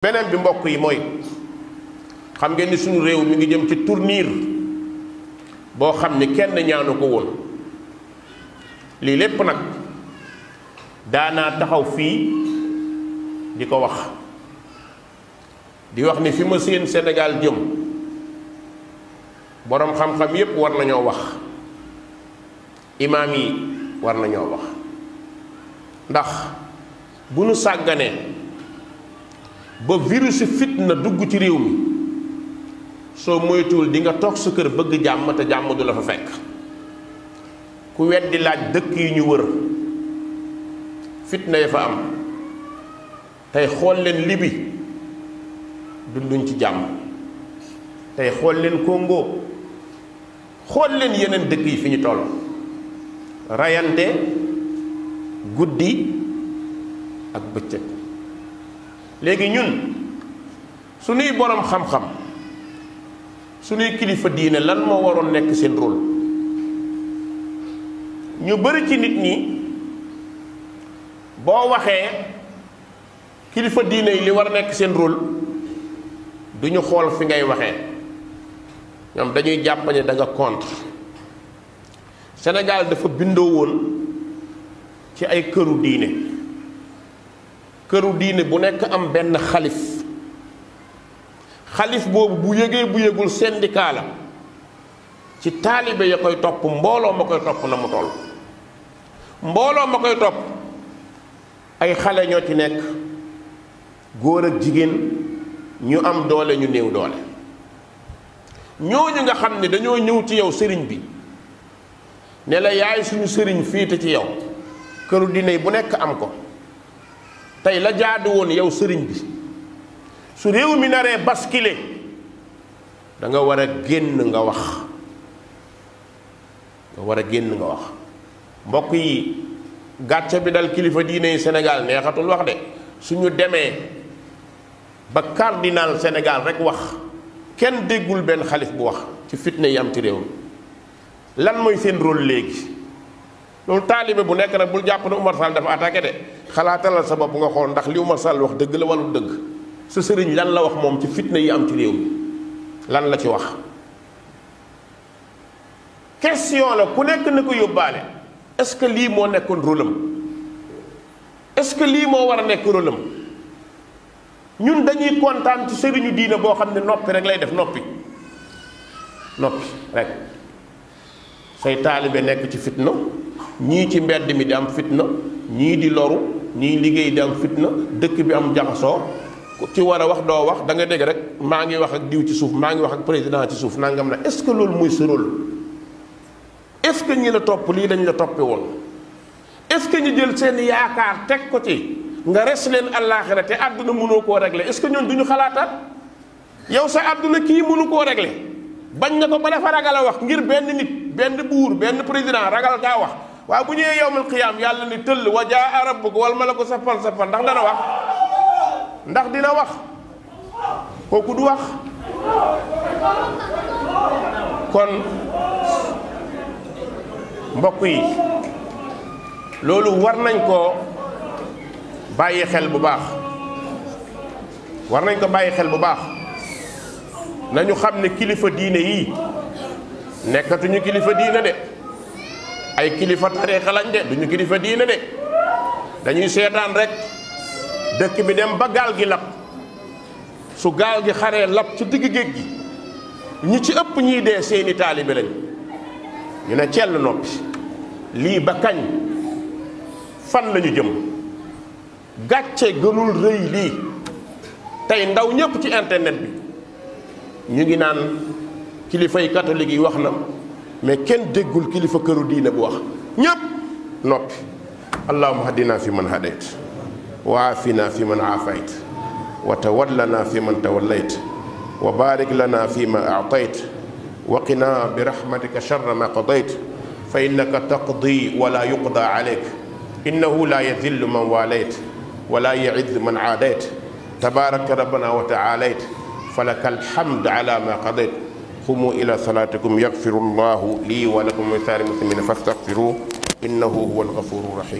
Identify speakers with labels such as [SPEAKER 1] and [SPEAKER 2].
[SPEAKER 1] beneen bi mbokk yi mooy xam nga ni suñu réew mi ngi jëm ci tournir boo xam ni kenn ñaanu ko woon lii lépp nag daanaa taxaw fii di ko wax di wax ni fi ma seen Sénégal jëm boroom xam-xam yépp war nañoo wax imaam yi war nañoo wax ndax bu nu sàgganee ba virus fitna dugg ci réew mi soo moytuwul di nga toog sa kër bëgg jàmm te jàmm du la fa fekk ku weddi laaj dëkk yi ñu wër fitna ya fa am tey xool leen libi dunduñ ci jàmm tey xool leen Congo xool leen yeneen dëkk yi fi ñu toll rayante guddi ak bëccëg léegi ñun suñuy boroom xam-xam suñuy kilifa diine lan moo waroon nekk seen rôle ñu bari ci nit ñi boo waxee kilifa diine yi li war a nekk seen rol du ñu xool fi ngay waxee ñoom dañuy jàpp danga da nga contre Sénégal dafa bindoo woon ci ay këru diine këru diine bu nekk am benn xalif xalif boobu bu yëgee bu yëgul syndicat ci taalibe ya koy topp mbooloo ma koy topp na mu toll mbooloo ma koy topp ay xale ñoo ci nekk góor ak jigéen ñu am doole ñu néew doole ñooñu nga xam ne dañoo ñëw ci yow sëriñ bi ne la yaay suñu sëriñ fii te ci yow këru diine bu nekk am ko tey la jaadu woon yow sëriñ bi su réew mi naree basculer danga nga war a génn nga wax nga war a génn nga wax mbokk yi gàcce bi dal kilifa diine yi Sénégal neexatul wax de suñu demee ba cardinal Sénégal rek wax kenn déggul benn xalif bu wax ci fitna yi am ci réew mi lan mooy seen rol léegi loolu taalibe bu nekk nag bul jàpp ne Oumar dafa attaqué de xalaatalal sa bop nga xol ndax liuma sal wax deug la walu deug sa serigne lan la wax mom ci fitna yi am ci rew lan la ci wax question la ku nek na ko yóbbaale est ce que lii moo nekkoon rôle est ce que lii moo war a ñun dañuy contane ci serigne diina bo xamne nopi rek lay def nopi nopi rek say talibé nek ci fitna ñi ci mbéd mi di am fitna ñi di loru ñiy liggéey di am fitna dëkk bi am jaxasoo ci war a wax doo wax da nga dégg rek maa ngi wax ak diw ci suuf maa ngi wax ak président ci suuf nangam na est-ce que loolu mooy sa rôle est-ce que ñi la topp lii dañ la toppe woon est-ce que ñu jël seen yaakaar teg ko ci nga res leen àllaaxira te àdduna mënoo koo regle est-ce que ñoom du ñu xalaataat yow sa àdduna kii mënu koo régler bañ nga ko ba dafa ragal a wax ngir benn nit benn buur benn président ragal daa wax waaw bu ñëwee yowmal qiyaam yàlla ni tëll wa jaa rabbuka wal malaku saffan saffan ndax dana wax ndax dina wax kooku du wax kon mbokk yi loolu war nañ ko bàyyi xel bu baax war nañ ko bàyyi xel bu baax nañu xam ne kilifa diine yi nekkatuñu kilifa diine de ay kilifa tarixa lañ de duñu kilifa diine de dañuy seetaan rek dekk bi dem ba gal gi lap su gal gi xare lap ci digg géej gi ñi ci ëpp ñi dé seeni taalibe lañ ñu na cell nopi li ba kañ fan lañu jëm gatché gënul reuy li tay ndaw ñëpp ci internet bi ñu ngi naan yi catholique yi wax na mais ken déggul kilifa këru diine bu wax ñep nopi allahumma hadina fi man hadait wa afina fi man afait wa tawallana fi man tawallait wa barik lana fi ma a'tait wa qina bi rahmatika sharra ma qadait fa innaka taqdi wa la yuqda alayk innahu la yadillu man walayt wa la yaiz man aadayt tabaraka rabbana wa taalayt falaka alhamd ala ma qadayt قوموا إلى صلاتكم يغفر الله لي ولكم ولسائر المسلمين فاستغفروه إنه هو الغفور الرحيم